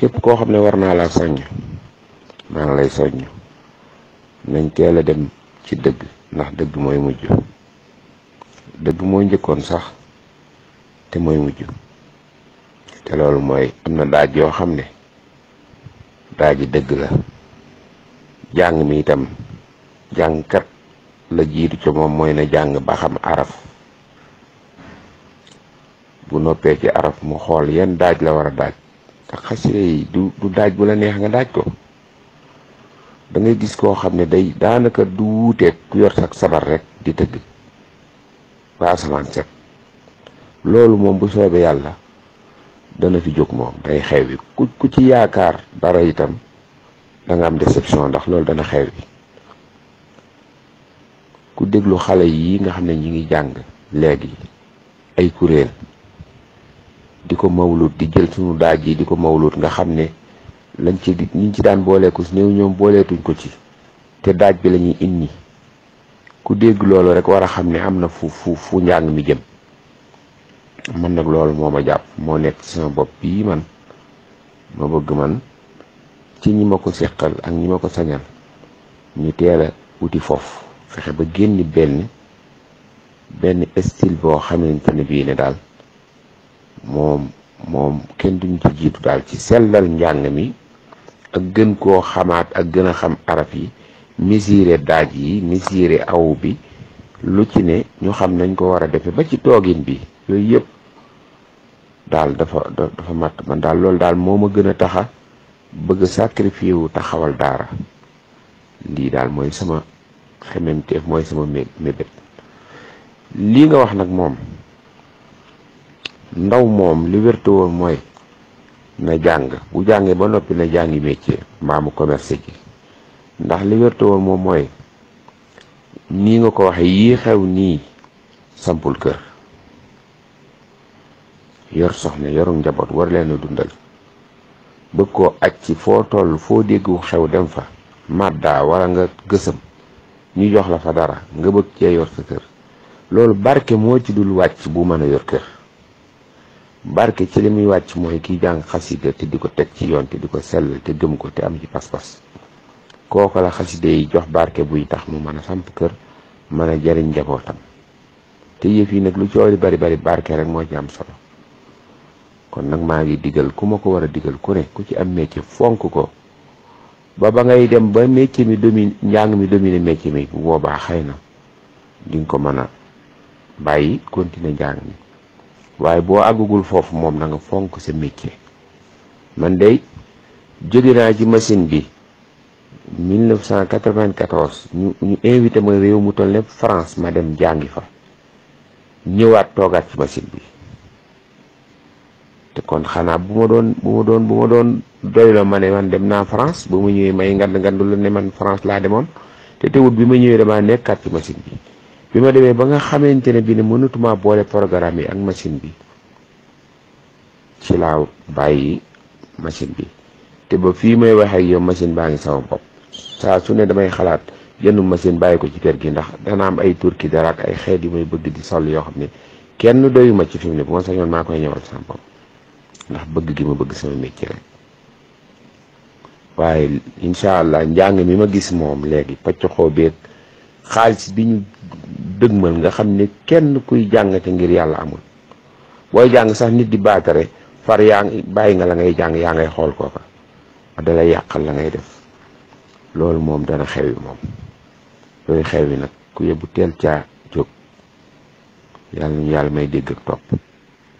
képp koo xam ne war naa laa soññ maa lay soññ nañ teel a dem ci dëgg ndax dëgg mooy mujj dëgg mooy njëkkoon sax te mooy mujj te loolu mooy am na daaj yoo xam ne daaji dëgg la jàng mi itam jàngkat la jiitu ci moom mooy na jàng ba xam araf bu noppee ci araf mu xool yenn daaj la war a daaj ndax xasida yi du daaj bu la neex nga daaj ko dangay gis koo xam ne day daanaka du wuuteeg ku yor sax sabar rek di tëgg ba asamaan set loolu moom bu soobee yàlla dana fi jóg moom day xew ku ku ci yaakaar dara itam da nga am déception ndax loolu dana xew ku déglu xale yi nga xam ne ñi ngi jàng léegi ay kuréel di ko mawlut di jël suñu daaj yi di ko mawlut nga xam ne lañ ci ñiñ ci daan booleeku néew ñoom booleetuñ ko ci te daaj bi lañuy indi ku dégg loolu rek war a xam ne am na fu fu njàng mi jëm man nag loolu moo ma jàpp moo nekk ci sama bopp bii man ma bëgg man ci ñi ma ko seqal ak ñi ma ko sañal ñu teel a wuti foofu fexe ba génn benn benn style boo xamante ne bii ne daal moom moom kenn duñ ci jiitu daal ci sellal njàng mi ak gën koo xamaat ak gën a xam araf yi mesurer daaj yi mesurer aw bi lu ci ne ñu xam nañ ko war a defee ba ci toogin bi yooyu yëpp daal dafa dafa mat man daal loolu daal moo ma gën a taxa bëgg sacrifié wu taxawal daara lii daal mooy sama xememteef mooy sama mébét lii nga wax nag moom ndaw moom li wérte mooy na jàng bu jàngee ba noppi na jàngi métier mbaa mu commerce ji ndax li wérte moom mooy nii nga ko waxe yii xew nii sampul kër yor soxna yoru njaboot war leen a dundal bëgg koo aj ci foo toll foo déggu xew dem fa madda wala nga gësëm ñu jox la fa dara nga bëgg cee yor sa kër loolu barke moo ci dul wàcc bu mën a yor kër barke ci li muy wàcc mooy kiy jàng xasida te di ko teg ci yoon te di ko sell te gëm ko te am ci pas-pas kooku la xasida yi jox barke buy tax mu mën a samp kër mën a jariñ njabootam te yëf yi nag lu ci li bari bari barke rek moo ci am solo kon nag maa ngi digal ku ma ko war a digal ku ne ku ci am métier fonk ko ba ba ngay dem ba métier mi domine njàng mi domine métier mi bu boobaa xëy na di ko mën a bàyyi continuer njàng mi waaye boo àggagul foofu moom nanga fonk sa métier man day jóge naa ci machine bi 1994 ñu ñu invité ma réew mu toll ne France ma dem jàngi fa ñëwaat toogaat ci machine bi te kon xanaa bu ma doon bu ma doon bu ma doon doy la ma ne man dem naa France ba ma ñëwee may ngand ngandu la ne man France laa demoon te teewut bi ma ñëwee damaa nekkaat ci machine bi bi ma demee ba nga xamante ne bi ne mënatuma boole programme yi ak machine bi ci laa bàyyi machine bi te ba fii may wax ak yow machine baa ngi sama bopp saa su ne damay xalaat jënd machine bàyyi ko ci kër gi ndax dana am ay turki dara ak ay xeet yu may bëgg di sol yoo xam ne kenn doyu ma ci fi ne bu ma sañoon maa koy ñëwal sama bopp ndax bëgg gi ma bëgg sama métier rek waaye incha allah njàng mi ma gis moom léegi pacc xoo xaalis bi ñu dëgmal nga xam ne kenn kuy jàng jàngate ngir yàlla amul booy jàng sax nit di baatare far yaa bàyyi nga la ngay jàng yaa ngay xool kooka dala yàqal la ngay def loolu moom dana xewi moom yooyu xewi nag ku yebu teel ca jóg yàlla yàlla may dégg ak topp